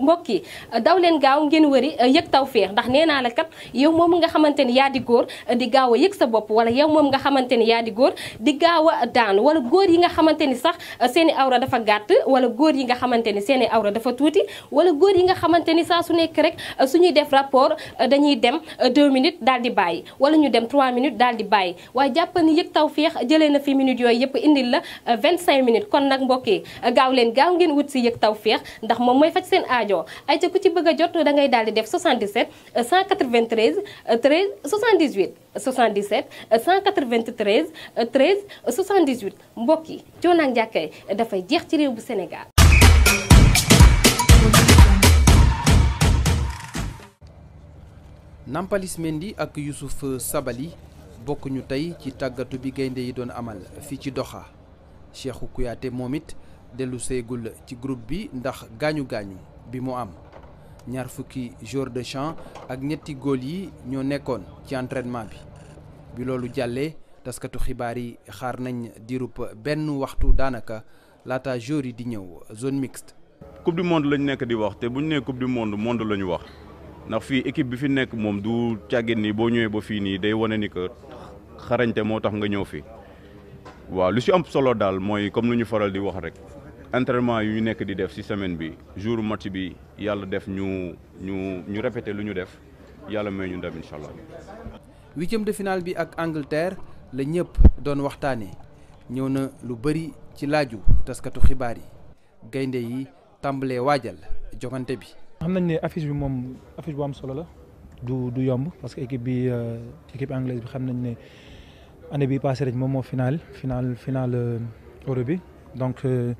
mbokk yi daw leen gaaw ngeen wëri eh, yëg tawféex ndax nee naa la kat yow moom nga xamante ni yaa di góor eh, di gaaw a yëg sa bopp wala yow moom nga xamante ni yaa di góor di gaaw a daanu wala góor yi nga xamante ni sax eh, seeni awra dafa gàtt wala góor yi nga xamante ni seeni awra dafa tuuti wala góor yi nga xamante ni saa su nekk rek suñuy def rapport dañuy dem 2 minutes daal di bàyyi wala ñu dem 3 minutes daal di bàyyi waaye jàpp ni yëg tawféex jëlee na fi minutes yooyu yëpp indil la 25 minutes kon nag mbokk yi gaaw leen gaaw ngeen wut si yëg tawféex ndax moom mooy faj seen aajoo ay ca ci bëgg a jot da daal di def 77 193 13 78 77 193 13 78 mbokk yi coono ak dafay jeex ci réew bu Sénégal. Nampalis Mendy ak Youssouf Sabali bokk ñu tey ci tàggatu bi gaynde yi doon amal fii ci doxa Cheikhou Kouyaté moom it dellu seegul ci groupe bi ndax gaañu gaañu bi mu am ñaar fukki joueur de champ ak ñetti gol yi ño nekkoon ci entraînement bi bi lolu jàllee taskatu xibaar yi xaar nañ diirub benn waxtu danaka lata joueur yi di ñew zone mixte. coupe du monde lañ nekk di wax te bu ñu coupe du monde monde lañ wax ndax fi équipe bi fi nekk moom du càggin ni bo ñewé ba fii nii day wane ni que xarañte moo tax nga ñew fi waaw lu si am solo dal mooy comme lu ñu faral di wax rek entraînement yu ñu nekk di def ci semaine bi jour match bi yàlla def ñu ñu ñu répéter lu ñu def yàlla may ñu ndam incha allah. huitième de finale bi ak Angleterre la ñëpp doon waxtaanee ñëw na lu bëri ci laaju taskatu xibaar yi gaynde yi tàmbalee waajal jogante bi. xam nañ ne affiche bi moom affiche bu am solo la du du yomb parce que équipe bi euh, équipe anglaise bi xam nañ ne année bi passée rek moom moo final final final euh, euro bi donc. Euh,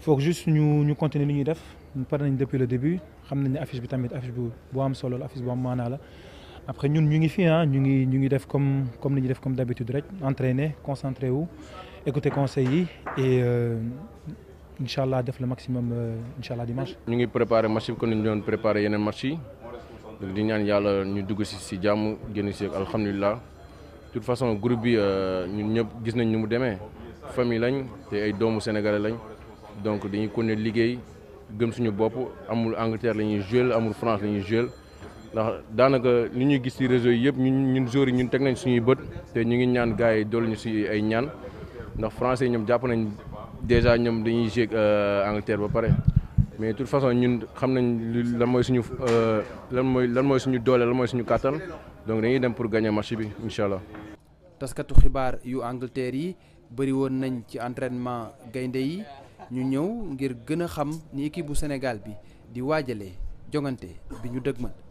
faut juste nous nous continuer nous ñuy def nous nañ depuis le début xam nañ affiche bi tamit affiche bu bu am solo affiche bu am manala après ñun ñu ngi fi hein ñu ngi ñu ngi def comme comme nous ñuy def comme d'habitude rek entraîner concentrer wu écouter conseils et euh, incha allah def le maximum euh, incha allah dimanche. ñu ngi préparer match bi nous ñu préparer yeneen match yi di ñaan yalla ñu dugg ci ci jamm génn ci alhamdulilah de toute façon groupe bi euh, ñun ñëpp gis nañ ñu mu démé famille lañ té ay doomu sénégalais lañ donc dañuy continuer liguey gëm suñu bop amul Angleterre lañuy ñuy jël amul France lañuy ñuy jël ndax danaka li ñuy gis ci réseau yépp ñun ñun joueurs ñun tek nañ suñuy bët té ñu ngi ñaan gaay yi ñu ci ay ñaan ndax français ñom japp nañ déjà ñom dañuy jéeg euh, Angleterre ba paré mais de toute façon ñun xam nañ lan moy suñu euh, lan moy lan moy suñu doole lan moy suñu kàttan donc dañuy dem pour gagner match bi inshallah taskatu xibaar yu Angleterre yi bari woon nañ ci entraînement gaynde yi. ñu ñëw ngir gën a xam ni équipe bu Sénégal bi di waajale jongante bi ñu dëgmal.